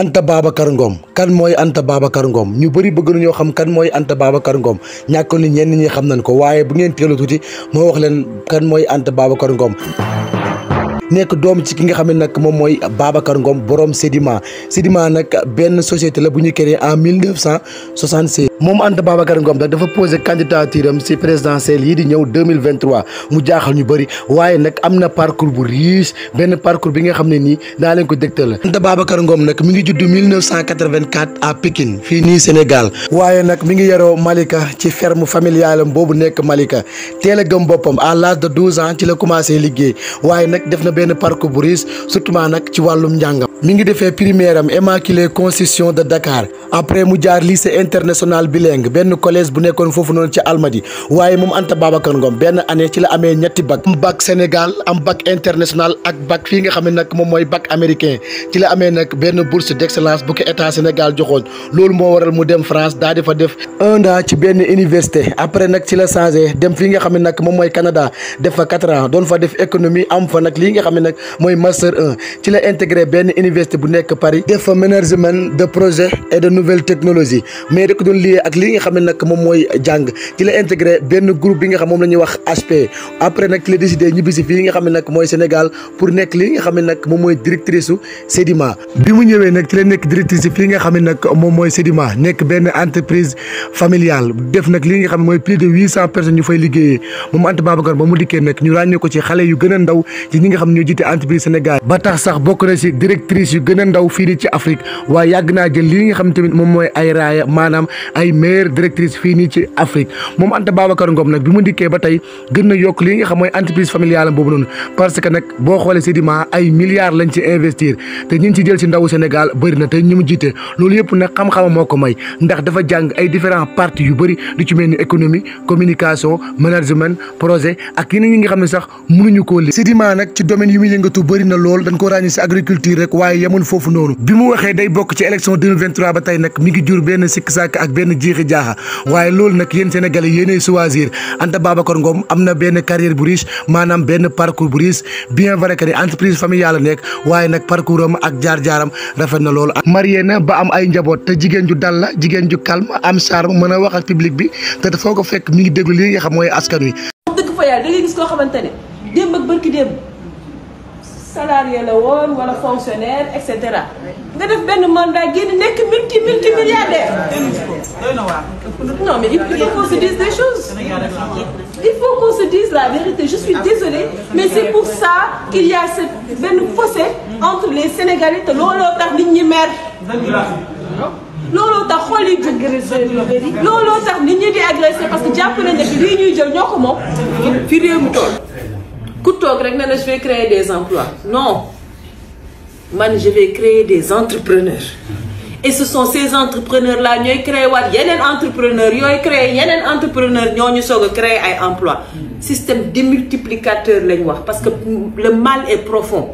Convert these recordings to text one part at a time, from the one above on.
Anta Babacar Ngom kan mooy Anta Babacar ngoom ñu bëri bëgg nañoo xam kan mooy Anta Babacar ngoom ñàkk ni ñenn ñi xam nañ ko waaye bu ngeen teelu tuuti moo wax leen kan mooy Anta Babacar ngoom nekk doom ci ki nga xam ne nag moom mooy Babacar ngoom borom Sedima Sedima nag benn société la bu ñu créé en 1976. moom Anta Babacar Ngom nag dafa posé candidature am si présidentielle yi di ñëw 2023 mu jaaxal ñu bëri waaye nag am na parcours bu riche benn parcours bi nga xam ne nii daa leen ko dégtal. Anta Babacar Ngom nag mi ngi judd 1984 à Pikine fii nii Sénégal waaye nag mi ngi yaroo Malika ci ferme familiale am boobu nekk Malika teel a gëm boppam à l'âge de ci la commencé liggéey waaye benn parcours bu riche surtout nag ci wàllum njàngam. Mingi ngi defee primaire am Immaculée Conception de Dakar après mu jaar lycée international bilingue benn collège bu nekkoon fofu non ci Almadi waaye moom Anta Babacar Ngom benn année ci la amé ñetti bac am bac Sénégal am bac international ak bac fi nga xamné nak mom moy bac américain ci la amé nak benn bourse d'excellence bu ko état Sénégal joxoon lool mo waral mu dem France dal di fa def un an ci benn université après n'ak ci la changé dem fi nga xamné nak mom moy Canada def fa 4 ans don fa def économie am fa nak li nga xamné nak moy master 1 ci la intégré benn da ko bi mu ñëwee nag ci la nekk directrice fii nga xam ne nag moom mooy Sedima nekk benn entreprise familiale def nag li nga xam ne mooy plus de huit cent personnes ñu fay liggéeyee moom Anta Babacar ba mu dikkee nag ñu ràññee ci xale yu gën a ndaw ci ñi nga xam ne ñoo jiite entreprise Sénégal ba tax sax bokk na ci directrice entreprise yu gën a ndaw fii nii ci Afrique waaye yàgg naa jël li nga xam tamit moom mooy ay raaya maanaam ay meilleure directrice fii nii ci Afrique moom Anta Babacar Ngom nag bi mu dikkee ba tey gën yokk li nga xam entreprise familiale boobu noonu parce que nag boo xoolee Sedima ay milliards lañ ci investir te ñi ci jël si ndawu Sénégal bëri te ñu jiite loolu yëpp nag xam-xamam moo ko may ndax dafa jàng ay différents parties yu bëri du ci mel waaye yemul foofu noonu bi mu waxee day bokk ci élection 2023 ba tey nag mi ngi jur benn sikk sàkk ak benn jiixi jaaxa waaye loolu nag yéen sénégalais yéenay choisir Anta Babacar ngoom am na benn carrière bu riche maanaam benn parcours bu riche bien vrai que ni entreprise familiale la nekk waaye nag parcours am ak jaar-jaaram rafet na loolu marié ba am ay njaboot te jigéen ju dal la jigéen ju calme am charme mën a wax ak public bi te foo ko fekk mi ngi déglu li nga mooy askan wi dëgg salarié la woon wala fonctionnaire et cetera nga def benn mandat génn nek multi multi milliardaire. non mais il faut qu'on se dise des choses. il faut qu'on se dise la vérité je suis désolée mais c'est pour ça qu'il y a ce ben fossé entre les Sénégalais te lolo tax nit ñi mer. lolo tax xool yi jug tax nit ñi di agresser parce que jàpp nañ ne lii ñuy jël ñoko mo fi réew mu toll je vais créer des emplois non man je vais créer des entrepreneurs et ce sont ces entrepreneurs là qui créer des des entrepreneurs ils créer des entrepreneurs ils créent des créer emplois système démultiplicateur parce que le mal est profond.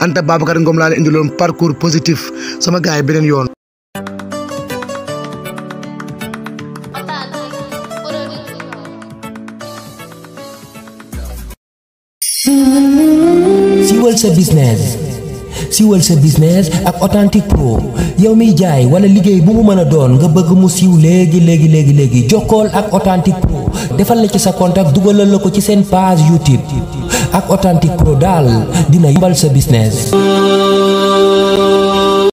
Anta Babacar Ngom la parcours positif sama gars yi beneen siwal sa business siwal sa business ak authentique pro yow mi jaay wala liggéey bu mu mën doon nga bëgg mu siiw léegi léegi léegi léegi jokkool ak authentique pro defal la ci sa contact dugalal la ko ci seen page YouTube ak authentique pro daal dina yombal sa business